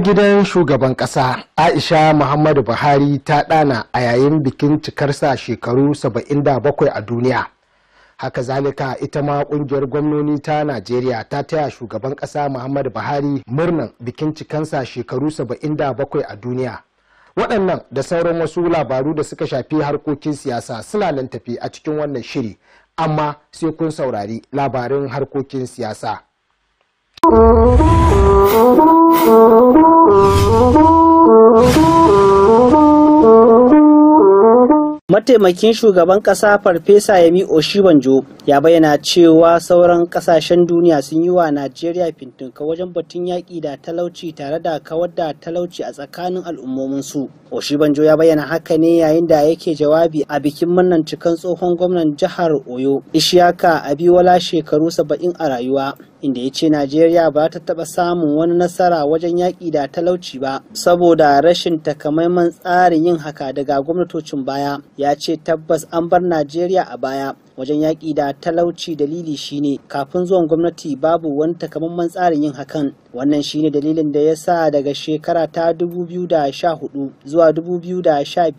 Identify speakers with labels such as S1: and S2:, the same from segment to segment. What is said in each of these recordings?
S1: gidan shugaban ƙasa aisha muhammadu buhari ta ɗana a yayin bikin cikarsa shekaru 77 a duniya haka zalika ita ma kungiyar gwamnoni ta najeriya ta taya shugaban kasa muhammadu buhari murnan bikin cikansa shekaru 77 a duniya waɗannan da sauran wasu labaru da suka shafi harkokin siyasa suna nan tafi a cikin wannan shiri amma sai kun saurari labarin harkokin siyasa
S2: Mataimakin shugaban ƙasa Farfesa Yemi Oshibanjo ya bayyana cewa sauran ƙasashen duniya sun yi wa Najeriya fintinka wajen batun yaƙi da talauci tare da kawar da talauci a tsakanin al'ummominsu. Oshibanjo ya bayyana haka ne yayin da yake jawabi a bikin murnan cikan tsohon gwamnan jihar Oyo, Ishiyaka Abiwala shekaru saba'in a rayuwa. inda ya ce najeriya ba ta taɓa samun wani nasara wajen yaƙi da talauci ba saboda rashin takamaiman tsarin yin haka daga gwamnatocin baya ya ce tabbas an bar najeriya a baya wajen yaƙi da talauci dalili shine kafin zuwan gwamnati babu wani takamaiman tsarin yin hakan wannan shine dalilin da ya sa daga shekara ta 2014 zuwa 2015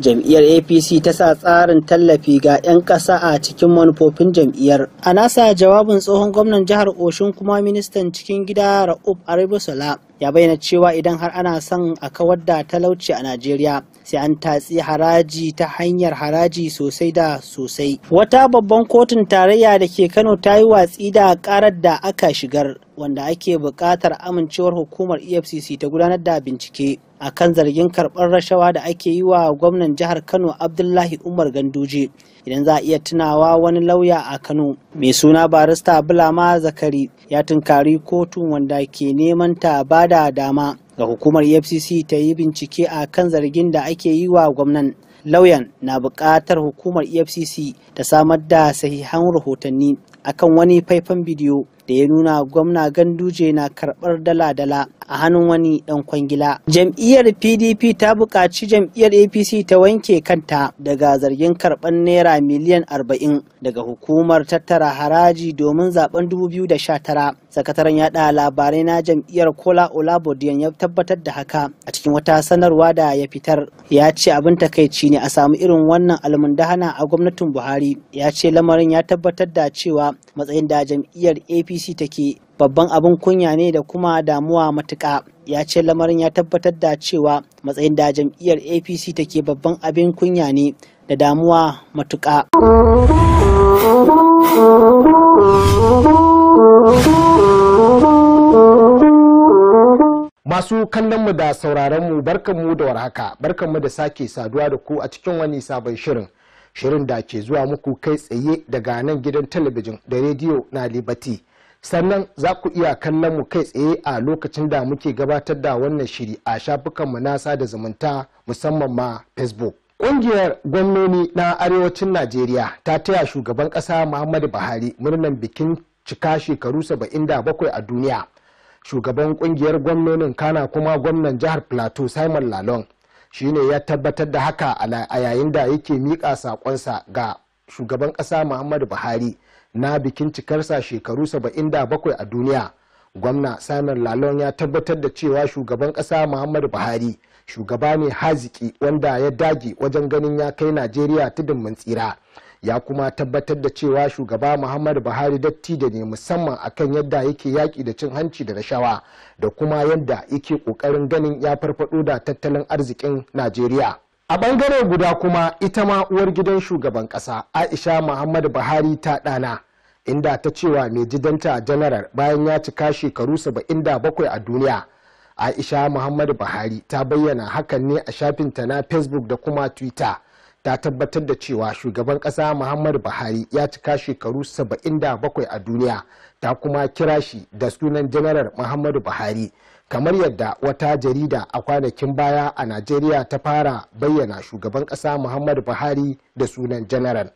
S2: jam'iyyar apc ta sa tsarin tallafi ga 'yan ƙasa a cikin manufofin jam'iyyar a nasa jawabin tsohon gwamnan jihar oshun kuma ministan cikin gida ra'ub sala ya bayyana cewa idan har ana son a kawar da talauci a Najeriya sai an tatsi haraji ta hanyar haraji sosai da sosai. Wata babban kotun tarayya da ke Kano ta yi watsi da karar da aka shigar wanda ake buƙatar amincewar hukumar efcc ta gudanar da bincike a kan zargin karɓar rashawa da ake yi wa gwamnan jihar kano abdullahi umar ganduje idan za a iya tunawa wani lauya a kano mai suna barista bulama zakari ya tunkari kotun wanda ke neman ta bada dama ga hukumar efcc ta yi bincike a kan zargin da ake yi wa gwamnan lauyan na buƙatar hukumar efcc ta samar da sahihan rahotanni akan wani faifan bidiyo da ya nuna gwamna ganduje na karɓar dala-dala a hannun wani ɗan kwangila. Jam'iyyar PDP ta buƙaci jam'iyyar APC ta wanke kanta daga zargin karɓar naira miliyan 40 daga hukumar tattara haraji domin zaben 2019. Sakataren yaɗa labarai na jam'iyyar Kola Olabodiyan ya tabbatar da haka a cikin wata sanarwa da ya fitar. Ya ce abin takaici ne a samu irin wannan almundahana a gwamnatin Buhari. Ya ce lamarin ya tabbatar da cewa matsayin da jam'iyyar APC APC take babban abin kunya ne da kuma damuwa matuƙa ya ce lamarin ya tabbatar da cewa matsayin da jam'iyyar APC take babban abin kunya ne da damuwa matuƙa.
S1: Masu kallon mu da sauraronmu barkanmu da warhaka, barkanmu da sake saduwa da ku a cikin wani sabon shirin. Shirin da ke zuwa muku kai tsaye daga nan gidan talabijin da rediyo na Liberty sannan za ku iya kallon mu kai tsaye a lokacin da muke gabatar da wannan shiri a shafukanmu na sada zumunta musamman ma facebook Ƙungiyar gwamnoni na arewacin Najeriya ta taya shugaban ƙasa Muhammadu Buhari murnan bikin cika shekaru 77 a duniya. Shugaban ƙungiyar gwamnonin kana kuma gwamnan jihar Plateau Simon Lalong shi ne ya tabbatar da haka a yayin da yake miƙa saƙonsa ga shugaban ƙasa Muhammadu Buhari na bikin cikarsa shekaru 77 a duniya gwamna sanar lalon ya tabbatar da cewa shugaban kasa muhammadu buhari shugaba ne haziki wanda ya dage wajen ganin ya kai najeriya tudun mun tsira ya kuma tabbatar da cewa shugaba muhammadu buhari datti da ne musamman akan yadda yake yaƙi da cin hanci da rashawa da kuma yadda yake ƙoƙarin ganin ya farfado da tattalin arzikin najeriya a bangare guda kuma ita ma uwar gidan shugaban kasa aisha muhammadu buhari ta ɗana, inda ta cewa mai jidanta janaral bayan ya cika shekaru 77 a duniya aisha muhammadu buhari ta bayyana hakan ne a shafinta na facebook da kuma twitter ta tabbatar da cewa shugaban kasa muhammadu buhari ya cika shekaru 77 a duniya ta kuma kira shi da sunan janaral muhammadu buhari kamar yadda wata jarida a kwanakin baya a najeriya ta fara bayyana shugaban kasa muhammadu buhari da sunan janaral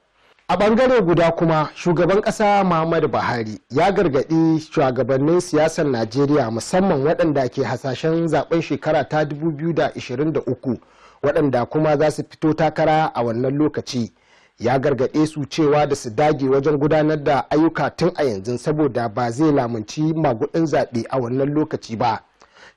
S1: a bangare guda kuma shugaban kasa muhammadu buhari ya gargadi shugabannin siyasar najeriya musamman waɗanda ke hasashen zaben shekara ta 2023 waɗanda kuma za su fito takara a wannan lokaci ya gargaɗe su cewa da su dage wajen gudanar da ayyuka tun a yanzu saboda ba zai lamunci magudin zaɓe a wannan lokaci ba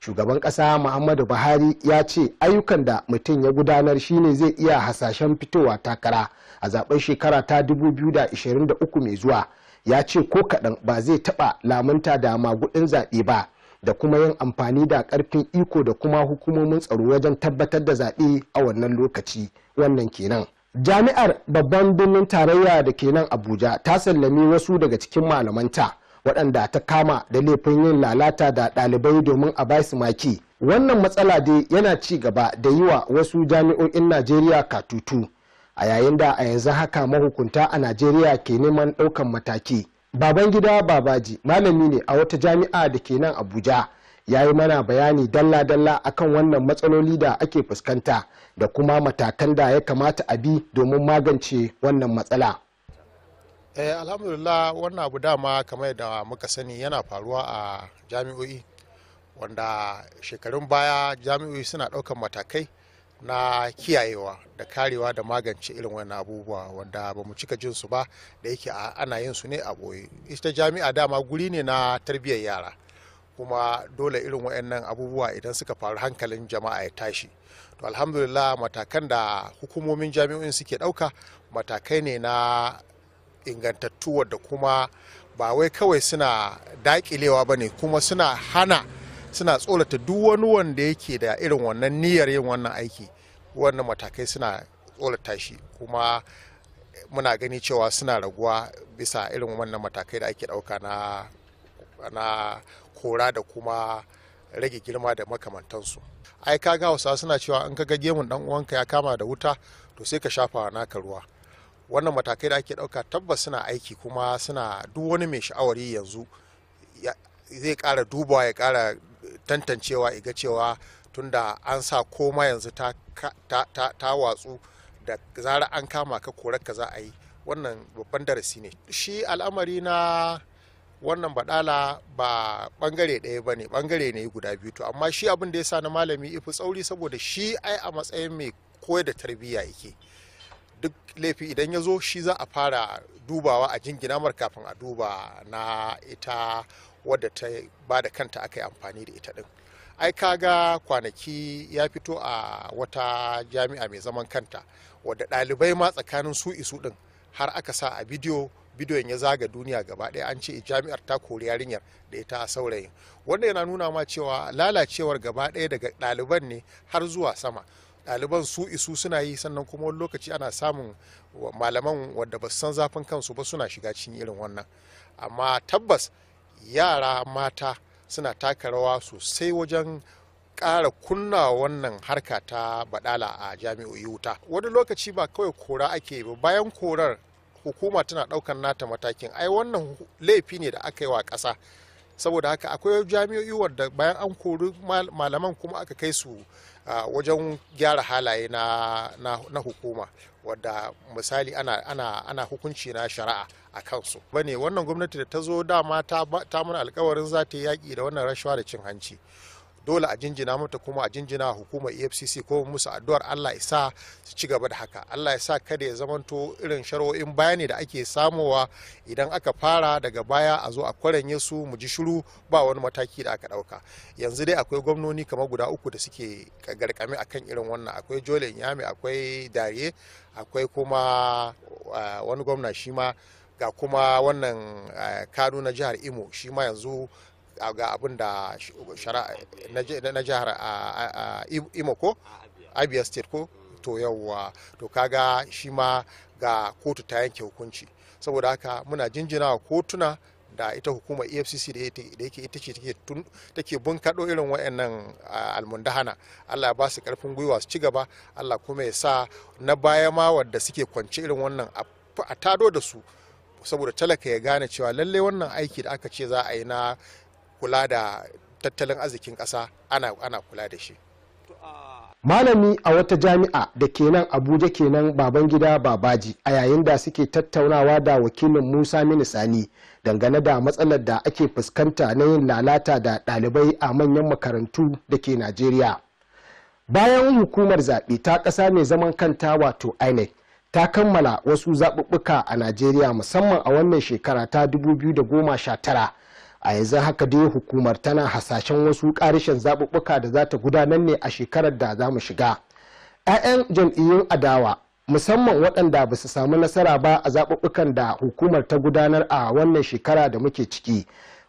S1: shugaban ƙasa muhammadu buhari ya ce ayyukan da mutum ya gudanar shine zai iya hasashen fitowa takara a zaben shekara ta 2023 mai zuwa ya ce ko kaɗan ba zai taɓa lamunta da magudin zaɓe ba da kuma yin amfani da ƙarfin iko da kuma hukumomin tsaro wajen tabbatar da zaɓe a wannan lokaci wannan kenan jami'ar babban birnin tarayya da ke nan abuja ta sallami wasu daga cikin malamanta waɗanda ta kama da laifin yin lalata da ɗalibai domin a basu maki wannan matsala dai yana ci gaba da yi wa wasu jami'o'in najeriya katutu a yayin da a yanzu haka mahukunta a najeriya ke neman ɗaukan mataki baban gida babaji malami ne a wata jami'a da ke nan abuja ya yi mana bayani dalla-dalla akan wannan matsaloli da ake fuskanta da kuma matakan da ya kamata a bi domin magance wannan matsala.
S3: Eh, alhamdulillah wannan abu dama kamar da muka sani yana faruwa a jami'o'i wanda shekarun baya jami'o'i suna ɗaukan matakai na kiyayewa da karewa da magance irin wani abubuwa wanda ba mu cika jinsu ba da yake ana yin su ne a ɓoye ita jami'a dama guri ne na tarbiyyar yara kuma dole irin wayannan abubuwa idan suka faru hankalin jama'a ya tashi to alhamdulillah matakan da hukumomin jami'o'in suke ɗauka matakai ne na ingantattu wadda kuma ba wai kawai suna daƙilewa ba ne kuma suna hana suna tsolata duk wani wanda yake da irin wannan niyyar yin wannan aiki wannan matakai suna tsolata shi kuma muna gani cewa suna raguwa bisa irin wannan matakai da ake ɗauka na kora da kuma rage girma da makamantansu ai kaga hausa suna cewa in ka ga gemun dan uwanka ya kama da wuta to sai ka shafa naka ruwa wannan matakai da ake ɗauka tabbas suna aiki kuma suna duk wani mai sha'awari yanzu zai ƙara dubawa ya kara tantancewa iga cewa tunda an sa koma yanzu ta, watsu da zara an kama ka korar ka za a yi wannan babban darasi ne shi al'amari na wannan badala ba bangare ɗaya ba ne bangare ne guda biyu to amma shi abin da ya sa na malami ifi tsauri saboda shi ai a matsayin mai koyar da tarbiyya yake duk laifi idan ya zo shi za a fara dubawa a jingina mar kafin a duba na ita wadda ta ba da kanta aka yi amfani da ita din ai kaga kwanaki ya fito a wata jami'a mai zaman kanta wadda ɗalibai ma tsakanin su isu din har aka sa a bidiyo bidiyon ya zaga duniya gaba ɗaya an ce jami'ar ta kori yarinyar da ita a saurayin wanda yana nuna ma cewa lalacewar gaba ɗaya daga ɗaliban ne har zuwa sama ɗaliban su isu suna yi sannan kuma wani lokaci ana samun malaman wadda ba san zafin kansu ba suna shiga cikin irin wannan amma tabbas yara mata suna taka rawa sosai wajen ƙara kunna wannan harka ta badala a jami'o'i wuta wani lokaci ba kawai kora ake ba bayan korar hukuma tana ɗaukar nata matakin ai wannan laifi ne da aka yi wa ƙasa saboda haka akwai jami'o'i wadda bayan an kori malaman kuma aka kai su wajen gyara halaye na hukuma wadda misali ana hukunci na shari'a a kansu bane wannan gwamnati da ta zo dama ta mana alkawarin za ta yi yaƙi da wannan rashawa da cin hanci dole a jinjina mata kuma a jinjina hukumar efcc ko musu addu'ar allah ya sa su ci gaba da haka allah ya sa kada ya zamanto irin sharo'in bayani da ake samowa idan aka fara daga baya a zo a kwaren su mu ji shiru ba wani mataki da aka ɗauka yanzu dai akwai gwamnoni kamar guda uku da suke garkame akan irin wannan akwai jolin yami akwai dariye akwai kuma wani gwamna shi ma ga kuma wannan kano na jihar imo shi ma yanzu ga abin da na jihar imo ko abia state ko mm. to yawwa to kaga shi ma ga kotu ta yanke hukunci saboda haka muna jinjina wa kotuna da ita hukumar efcc da yake ita ce take bunkaɗo irin waɗannan almundahana allah ba su karfin gwiwa su ci gaba allah kuma ya sa na baya ma wadda suke kwance irin wannan a tado da su saboda talaka ya gane cewa lallai wannan aiki da aka ce za a yi na kula da tattalin arzikin ƙasa ana, kula da shi
S1: malami a wata jami'a da kenan abuja kenan baban gida babaji a yayin da suke tattaunawa da wakilin musa minisani dangane da matsalar da ake fuskanta na yin lalata da ɗalibai a manyan makarantu da ke najeriya bayan hukumar zaɓe ta ƙasa mai zaman kanta wato inec ta kammala wasu zaɓuɓɓuka a najeriya musamman a wannan shekara ta 2019 a yanzu haka dai hukumar tana hasashen wasu karishin zaɓuɓɓuka da za ta gudanar ne a shekarar da za mu shiga 'ya'yan jam'iyyun adawa musamman waɗanda ba su samu nasara ba a zaɓuɓɓukan da hukumar ta gudanar a wannan shekara da muke ciki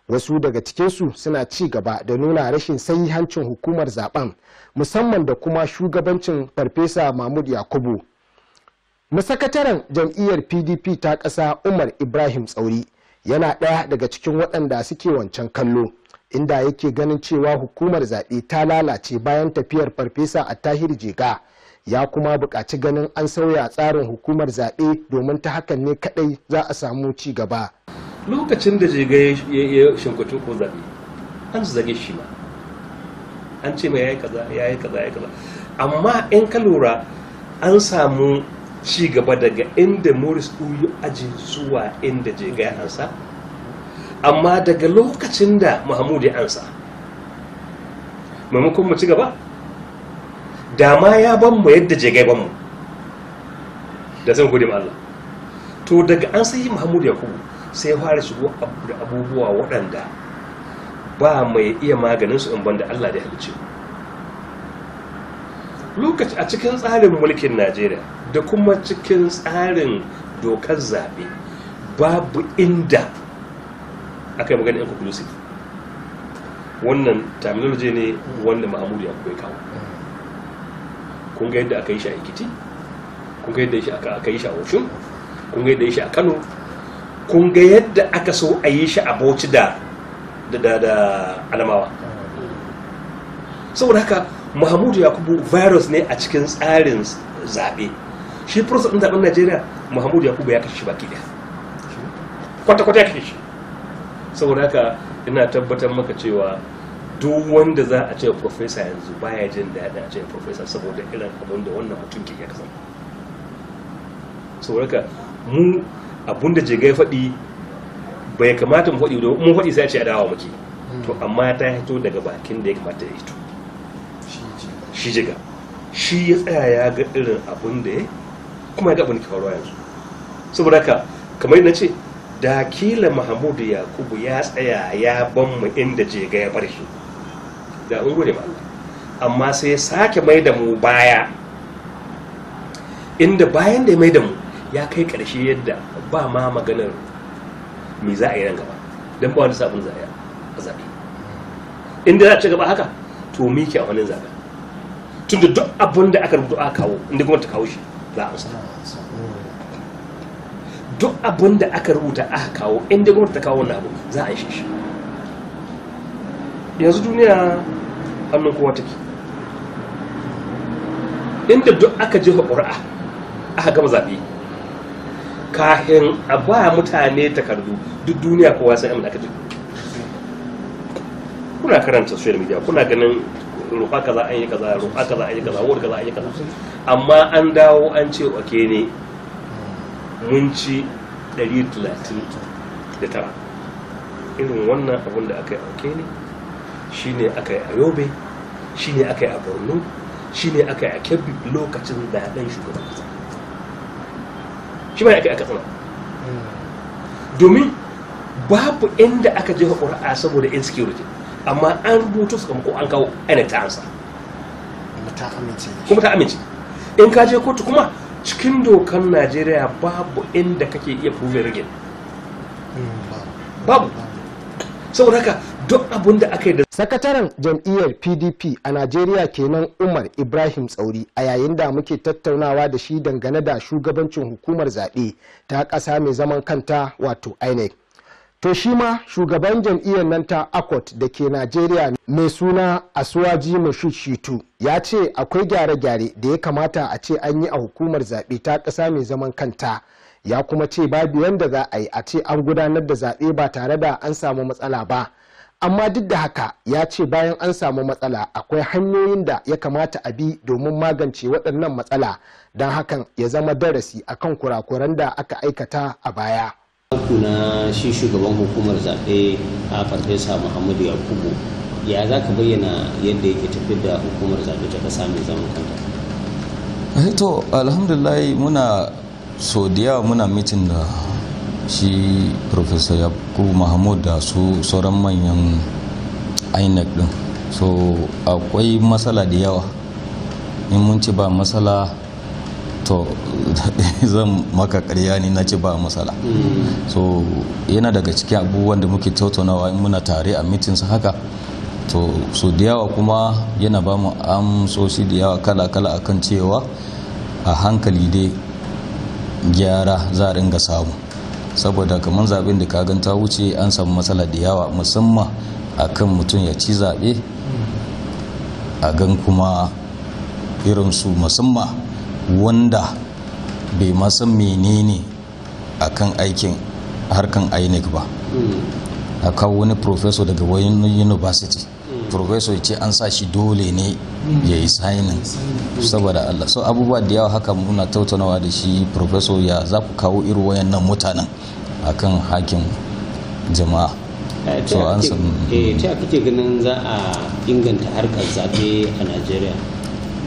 S1: wasu daga cikinsu suna ci gaba da nuna rashin hancin hukumar zaben musamman da kuma shugabancin farfesa mahmud yakubu masakataren jam'iyyar pdp ta ƙasa umar ibrahim tsauri yana ɗaya daga cikin waɗanda suke wancan kallo inda yake ganin cewa hukumar zaɓe ta lalace bayan tafiyar farfesa a tahir jega ya kuma buƙaci ganin an sauya tsarin hukumar zaɓe domin ta hakan ne kaɗai za a samu ci gaba
S4: lokacin da jega ya shinkwacin ko zaɓe an zage shi ma an ce mai ya yi kaza ya yi kaza ya yi kaza amma in ka lura an samu ci gaba daga inda morris uyu aji zuwa inda je ya ansa amma daga lokacin da mahmud ya ansa maimakon mu ci gaba dama ya ban mu yadda je ya mu da zan gode ma Allah to daga an sai mahmud yakubu sai ya fara shigo da abubuwa waɗanda ba mai iya maganinsu in banda Allah da halicci lokaci a cikin tsarin mulkin Najeriya da kuma cikin tsarin dokar zaɓe babu inda aka yi magana inconclusive wannan terminology ne wanda ma'amuri ya kuwa kawo kun ga yadda aka yi shi a ikiti kun ga yadda aka yi shi a oshun kun ga yadda yi shi a kano kun ga yadda aka so a yi shi a bauchi da alamawa saboda haka mahamudu yakubu virus ne a cikin tsarin zaɓe shi process ɗin zaɓen najeriya muhammadu yakubu ya kashe shi baki ɗaya kwata-kwata ya kashe shi saboda haka ina tabbatar maka cewa duk wanda za a ce profesa yanzu baya jin daɗin a ce profesa saboda irin abin da wannan mutum ke ya kasan saboda haka mu abin da jigai faɗi bai kamata mu faɗi da mun faɗi sai a ce a dawo muke hmm. to amma ta hito daga bakin da ya kamata ya hito shi jiga shi ya tsaya ya ga irin abin da ya kuma ya ga abin faruwa yanzu saboda haka kamar na ce da kila mahamudu yakubu ya tsaya ya ban mu inda ga ya bar shi da an gode ma amma sai ya sake mai da mu baya inda bayan da ya mai da mu ya kai ƙarshe yadda ba ma maganar me za a yi nan gaba don ba wani sabon zaɓe a zaɓe inda za a ci gaba haka to miki a wani zaɓe tun da duk abin da aka rubuta a kawo inda kuma ta kawo shi za a sa duk abin da aka rubuta aka kawo inda gwamnati ta kawo wannan abu za a yi shi yanzu duniya hannun kowa take inda duk aka jefa a aka gama zaɓe kahin a ba mutane takardu duk duniya kowa sai amina aka ji kuna karanta social media kuna ganin roƙa kaza an yi kaza roƙa kaza an yi kaza wuri kaza an yi kaza amma an dawo an ce oke ne mun ci 139 irin wannan abun da aka yi oke ne shi ne aka yi a yobe shi ne aka yi a borno shi ne aka yi a kebbi lokacin da zaɓen shugaban kasa shi ma aka yi a katsina hmm. domin babu inda aka jefa ƙuri'a saboda insecurity amma an rubuto ko an kawo ainihin ta ansa kuma ta amince in ka je kotu kuma cikin dokan najeriya babu inda kake iya fuve rigin hmm, babu saboda haka duk abun da aka yi da sakataren jam'iyyar pdp
S1: a najeriya kenan umar ibrahim tsauri a yayin da muke tattaunawa da shi dangane da shugabancin hukumar zaɓe ta ƙasa mai zaman kanta wato inec to shi ma shugaban jam'iyyar nan ta akot da ke najeriya mai suna asuwaji shitu ya ce akwai gyare-gyare da ya kamata a ce an yi a hukumar zaɓe ta ƙasa mai zaman kanta ya kuma ce babu yadda za a yi a ce an gudanar da zaɓe ba tare da an samu matsala ba amma duk da haka ya ce bayan an samu matsala akwai hanyoyin da ya kamata a bi domin magance waɗannan matsala don hakan ya zama darasi akan kurakuran da aka aikata a baya.
S2: na shi shugaban hukumar zaɓe a farfesa muhammadu yakubu ya za ka bayyana yadda yake tafi da hukumar zaɓe ta ƙasa mai zaman kanta
S5: eh, to alhamdulillah muna so da muna mitin da shi professor yakubu mahmud da su sauran manyan inec din so akwai matsala da yawa in mun ci ba matsala to zan maka karya ne na ce ba matsala hmm. so yana daga cikin abubuwan da muke tattaunawa in muna tare a su haka to so da yawa kuma yana ba mu amsoshi da yawa kala-kala akan cewa a hankali dai gyara za a ringa samu saboda kamar zaɓen da ka ta wuce an samu matsala da yawa musamman kan mutum ya ci zaɓe hmm. a gan kuma irinsu musamman wanda bai masan menene a kan aikin harkan inec ba
S6: hmm.
S5: a kawo wani professor daga wani university hmm. professor ce an sa shi dole ne hmm. ya yi sainin saboda Allah so abubuwa da yawa haka muna tautanawa da shi professor ya za ku kawo irin wayannan mutanen a kan hakin jama'a
S2: eh, so an san eh, ta kake ganin za a inganta harkar zaɓe a Najeriya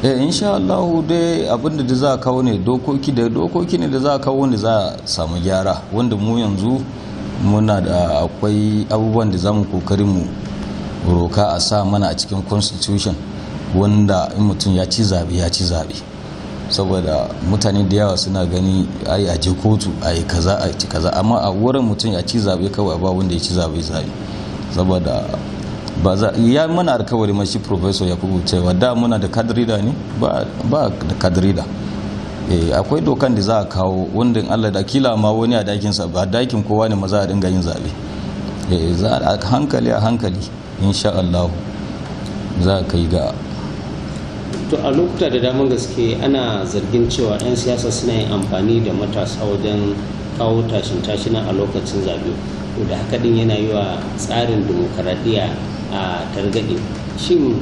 S5: eh insha Allah dai abinda da za a kawo ne dokoki da dokoki ne da za a kawo ne za a samu gyara wanda mu yanzu muna da akwai abubuwan da zamu kokarin mu roka a sa mana a cikin constitution wanda in mutum ya ci zabe ya ci zabe saboda mutane da yawa suna gani ai a je kotu yi kaza a ci kaza amma a wurin mutum ya ci zabe kawai ba wanda ya ci zabe zabe saboda ba za ya muna alkawari mashi professor kubu cewa da muna da kadrida ne ba da kadrida eh, akwai dokan da za a kawo wanda allah da kila ma wani a dakin ba dakin kowa ne maza a dinga yin zabe eh, za a hankali a hankali insha allah za a kai
S2: ga to a lokuta da damar gaske ana zargin cewa 'yan siyasa suna yin amfani da matasa wajen kawo tashin tashina a lokacin zabe da haka din yana yi wa tsarin demokaradiyya a targaɗe shin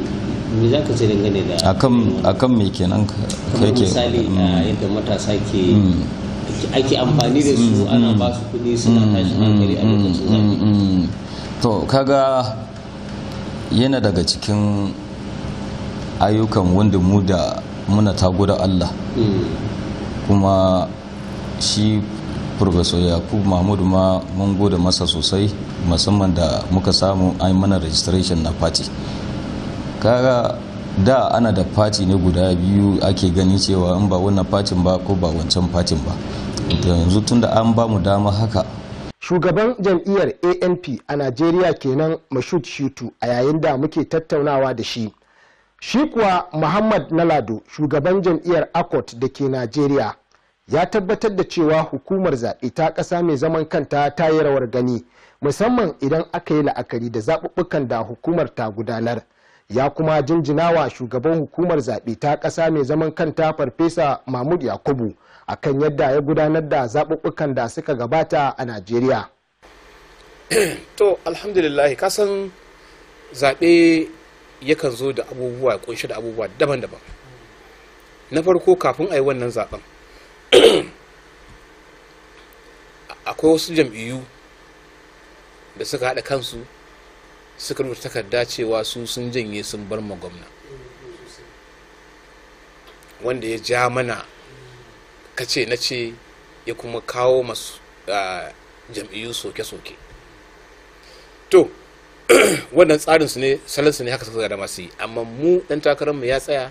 S2: me za ka ce gane da
S5: kan me kenan ka ke misali mm. yadda
S2: matasa ke mm. ake amfani da su mm, ana ba su
S5: kuɗi suna tashi hankali a lokacin to kaga yana daga cikin ayyukan wanda mu da muna tago da Allah kuma shi Professor Yakubu Mahmudu ma mun gode masa sosai musamman da muka samu an mana registration na party kaga da ana da party ne guda biyu ake gani cewa in ba wannan party ba ko ba wancan party ba yanzu tunda an ba mu dama haka shugaban jam'iyyar
S1: anp a najeriya kenan mashud shitu a yayin da muke tattaunawa da shi shi kuwa muhammad nalado shugaban jam'iyyar akot da ke najeriya ya tabbatar da cewa hukumar zaɓe ta ƙasa mai zaman kanta ta yi rawar gani musamman idan aka yi la'akari da zaɓuɓɓukan da hukumar ta gudanar ya kuma jinjinawa shugaban hukumar zaɓe ta ƙasa mai zaman kanta farfesa mahmud yakubu akan yadda ya gudanar da zaɓuɓɓukan da suka gabata a najeriya
S7: to alhamdulillah kasan zaɓe yakan zo da abubuwa kunshi da abubuwa daban-daban na farko kafin a yi wannan zaɓen akwai wasu jam'iyyu da suka haɗa kansu suka rubuta takarda cewa su sun janye sun bar ma gwamna wanda ya ja mana kace na ce ya kuma kawo masu jam'iyyu soke-soke to wannan tsarinsu ne salansu ne haka suka da masu yi amma mu ɗan takararmu ya tsaya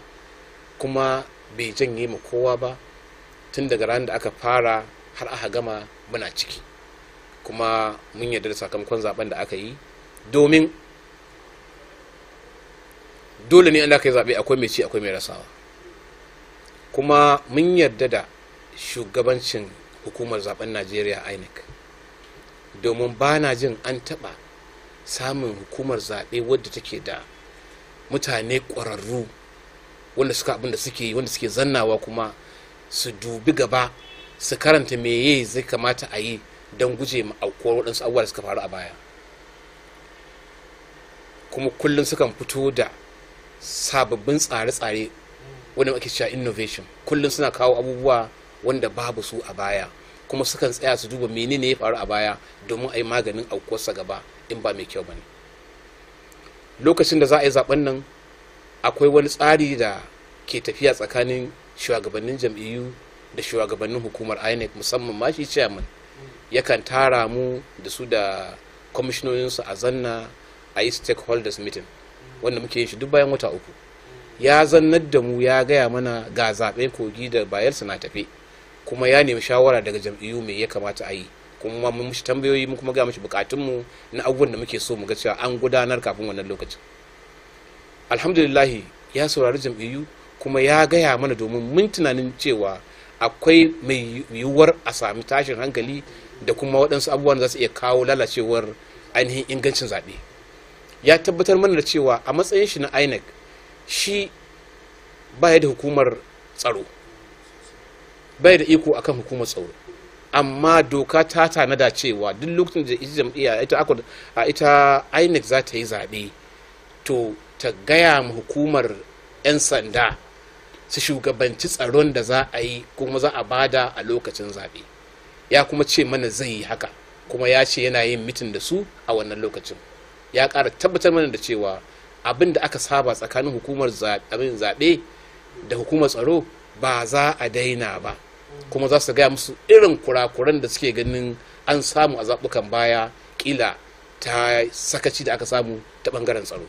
S7: kuma bai janye ma kowa ba tun daga ranar da aka fara har aka gama muna ciki kuma mun yarda da sakamakon zaben da aka yi domin dole ne an aka yi zaɓe akwai mai ci akwai mai rasawa kuma mun yarda da shugabancin hukumar zaben najeriya inec domin ba na jin an taɓa samun hukumar zaɓe wadda take da mutane ƙwararru wanda suka abin suke yi wanda suke zannawa kuma su dubi gaba su karanta meye zai kamata a yi don guje ma aukuwar waɗansu abubuwa da suka faru a baya kuma kullum sukan fito da sababbin tsare-tsare wanda ake cewa innovation kullum suna kawo abubuwa wanda babu su a baya kuma sukan tsaya su duba menene ya faru a baya domin a yi maganin aukuwarsa gaba in ba mai kyau ba ne lokacin da za a yi zaben nan akwai wani tsari da ke tafiya tsakanin shugabannin jam'iyyu da shugabannin hukumar inec musamman ma shi chairman yakan tara mu da su da kwamishinoyinsu a zanna a yi stakeholders meeting wanda muke yin shi duk bayan wata uku ya zannar da mu ya gaya mana ga zaɓen kogi da bayar na tafe kuma ya nemi shawara daga jam'iyyu mai ya kamata a yi kuma mun mishi tambayoyi mun kuma ga mishi bukatunmu na abubuwan da muke so mu ga cewa an gudanar kafin wannan lokacin alhamdulillahi ya saurari jam'iyyu kuma ya gaya mana domin mun tunanin cewa akwai mai yiwuwar a sami tashin hankali da kuma waɗansu abubuwan za su iya kawo lalacewar ainihin ingancin zaɓe ya tabbatar mana da cewa a matsayin shi na inec shi baya da hukumar tsaro baya da iko akan hukumar tsaro amma doka ta tanada cewa duk lokacin da ita jam'iyya ita a ita inec za ta yi zaɓe to ta gaya ma hukumar 'yan sanda su shugabanci tsaron da za a yi kuma za a bada a lokacin zaɓe ya kuma ce mana zai yi haka kuma ya ce yana yin mitin da su a wannan lokacin ya ƙara tabbatar mana da cewa abin da aka saba tsakanin hukumar abin zaɓe da hukumar tsaro ba za a daina ba kuma za su gaya musu irin kurakuran da suke ganin an samu a zaɓukan baya kila ta sakaci da aka samu ta ɓangaren tsaro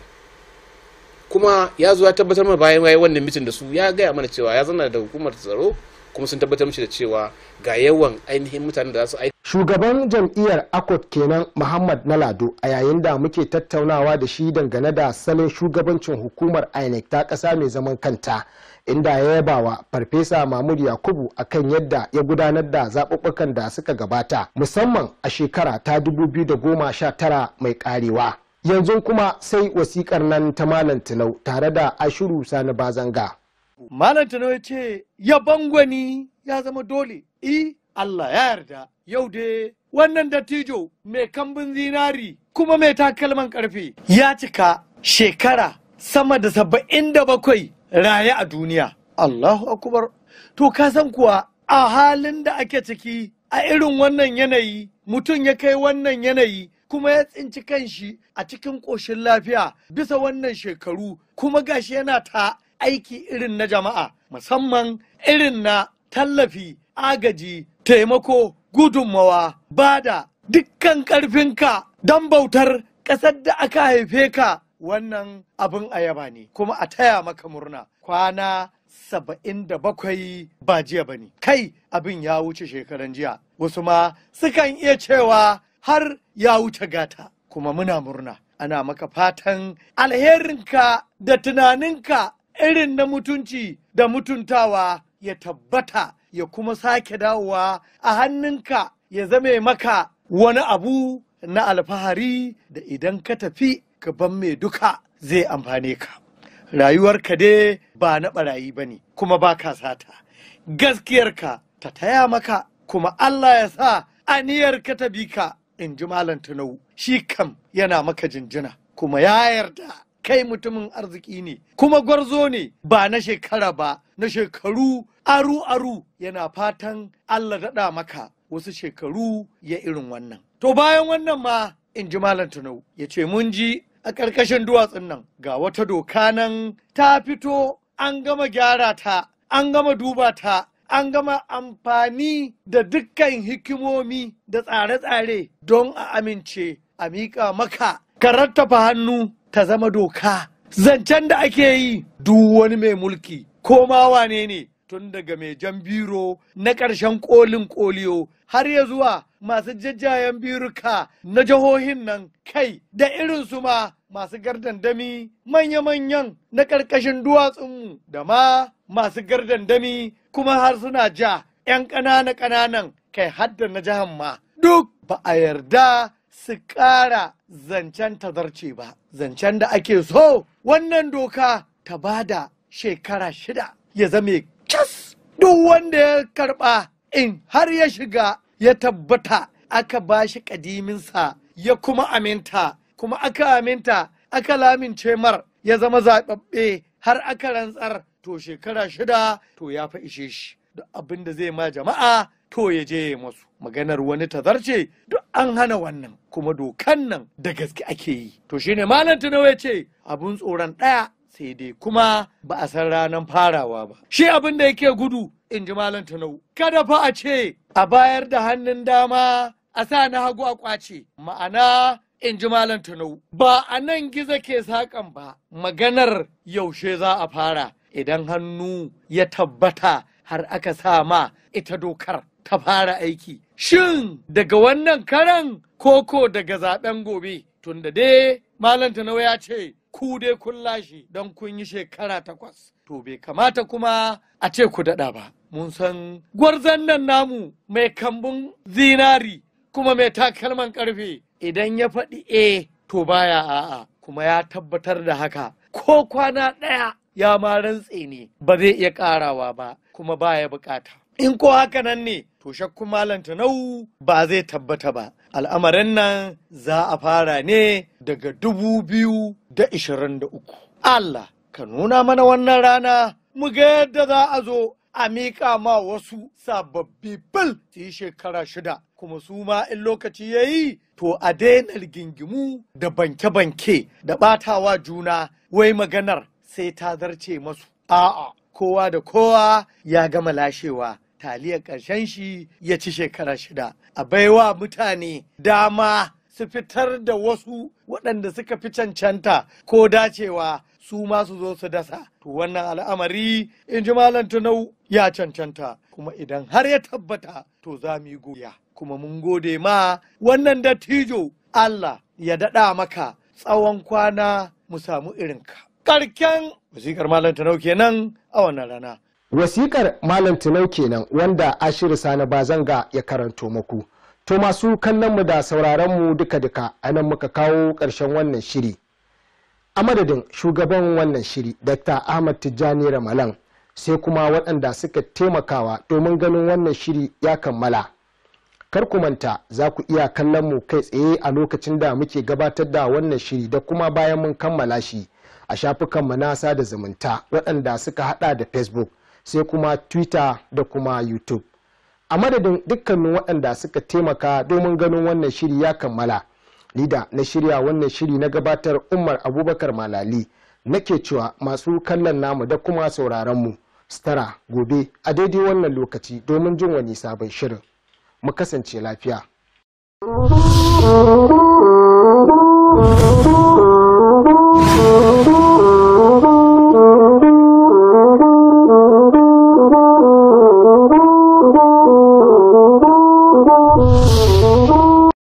S7: kuma ya zo ya tabbatar mana bayan yayi wannan mitin da su ya gaya mana cewa ya zana da hukumar tsaro kuma sun tabbatar mishi da cewa ga yawan ainihin mutanen da za su aiki.
S1: shugaban jam'iyyar akot kenan muhammad nalado a yayin da muke tattaunawa da shi dangane da salon shugabancin hukumar inec ta ƙasa mai zaman kanta inda ya yaba wa farfesa mahmud yakubu akan yadda ya gudanar da zaɓuɓɓukan da suka gabata musamman a shekara ta dubu biyu da goma sha tara mai karewa yanzu kuma sai wasikar nan ta malam tinau tare da
S6: ashiru sani bazanga ku malam tano ya ce ya bangwani ya zama dole i e, Allah ya yarda yau dai wannan dattijo mai kambin zinari kuma mai takalman karfe ya cika shekara sama da saba'in da bakwai raye a duniya Allahu akubar to ka san kuwa a halin da ake ciki a irin wannan yanayi mutum ya kai wannan yanayi kuma ya tsinci kanshi a cikin ƙoshin lafiya bisa wannan shekaru kuma gashi yana ta aiki irin na jama'a musamman irin na tallafi agaji taimako gudunmawa da dukkan ƙarfinka don bautar ƙasar da aka haife ka wannan abin a yaba ne kuma a taya maka murna kwana saba'in da bakwai ba jiya ba ne kai abin ya wuce shekaran jiya wasu ma sukan iya cewa har ya wuce gata kuma muna murna ana maka fatan alherinka da tunaninka irin na mutunci da mutuntawa ya tabbata ya kuma sake dawowa a hannunka ya zame maka wani abu na alfahari da idan ka tafi gaban mai duka zai amfane ka rayuwarka dai ba na barayi ba ne kuma ba ka sata gaskiyarka ta taya maka kuma allah ya sa aniyarka ta bi ka in ji malam tunau shi kam yana maka jinjina kuma ya yarda kai mutumin arziki ne kuma gwarzo ne ba na shekara ba na shekaru aru-aru yana fatan Allah daɗa maka wasu shekaru ya irin wannan. To bayan wannan ma in ji Malam Tunau ya ce mun ji a ƙarƙashin duwatsun nan ga wata doka nan ta fito an gama gyara ta, an gama duba ta, an gama amfani da dukkan hikimomi da tsare-tsare don a amince a miƙa maka. Ka rattafa hannu ta zama doka zancen da ake yi duk wani mai mulki ko ma wane ne tun daga mai jan biro na ƙarshen kolin koliyo har ya zuwa masu jajjayen biruka na jihohin nan kai da irin su ma masu gardandami manya-manyan na ƙarƙashin duwatsunmu da ma masu gardandami kuma har suna ja 'yan ƙanana-ƙananan kai hadda na jihan ma duk ba a yarda su ƙara zancen ta zarce ba zancen da ake so wannan doka ta bada shekara shida ya zame cas duk wanda ya karɓa in har ya shiga ya tabbata aka ba shi ƙadiminsa ya kuma aminta kuma aka aminta aka lamince mar ya zama zaɓaɓɓe har aka rantsar to shekara shida to ya fa ishe shi Da abin da zai ma jama'a to ya je ya masu maganar wani tazarce duk an hana wannan kuma dokan nan da gaske ake yi to shine malam tunawa ya ce abun tsoron ɗaya sai dai kuma ba a san ranar farawa ba shi abin da yake gudu in ji malam tunawa kada fa a ce a bayar da hannun dama a sa na hagu a kwace ma'ana in ji malam tunawa ba a nan gizo ke saƙan ba maganar yaushe za a fara idan hannu ya tabbata har aka sa ma ita dokar ta fara aiki. Shin daga wannan karan koko daga zaben gobe tunda dai malam nawa ya ce ku dai kun lashe don kun yi shekara takwas. To bai kamata kuma a ce ku daɗa ba. Mun san gwarzon nan namu mai kambun zinari kuma mai takalman karfe. idan ya faɗi e to baya a'a kuma ya tabbatar da haka ko kwana ɗaya ya ma rantse ne ba zai iya ƙarawa ba kuma baya buƙata. in ko haka nan ne to shakku malam tanau ba zai tabbata ba al'amarin nan za a fara ne daga dubu biyu da ishirin da uku Allah ka nuna mana wannan rana mu ga yadda za a zo a miƙa ma wasu sababbi bal su yi shekara shida kuma su ma in lokaci ya yi to a daina gingimu da banke-banke da ɓatawa juna wai maganar sai ta zarce masu a'a kowa da kowa ya gama lashewa taliya ƙarshen shi ya ci shekara shida a baiwa mutane dama su fitar da wasu waɗanda suka fi cancanta ko dacewa su ma su zo su dasa to wannan al'amari in ji malam tunau ya cancanta kuma idan har ya tabbata to za mu yi goya kuma mun gode ma wannan dattijo Allah ya daɗa maka tsawon kwana mu samu irinka. Karken wasikar malam tanau kenan a wannan rana.
S1: wasikar malam tinau kenan wanda ashiru sani ba bazanga ya karanto muku to masu kallon mu da sauraron mu duka duka a nan muka kawo ƙarshen wannan shiri a madadin shugaban wannan shiri dr ahmad tijjani ramalan sai kuma waɗanda suka taimakawa domin ganin wannan shiri ya kammala kar ku manta za ku iya kallon mu kai tsaye a lokacin da muke gabatar da wannan shiri da kuma bayan mun kammala shi a shafukanmu na sada zumunta waɗanda suka hada da facebook sai kuma twitter da kuma youtube a madadin dukkanin waɗanda suka taimaka domin ganin wannan shiri ya kammala lida na shirya wannan shiri na gabatar umar abubakar malali nake cewa masu kallon namu da kuma sauraronmu mu stara gobe a daidai wannan lokaci domin jin wani sabon shirin mu kasance lafiya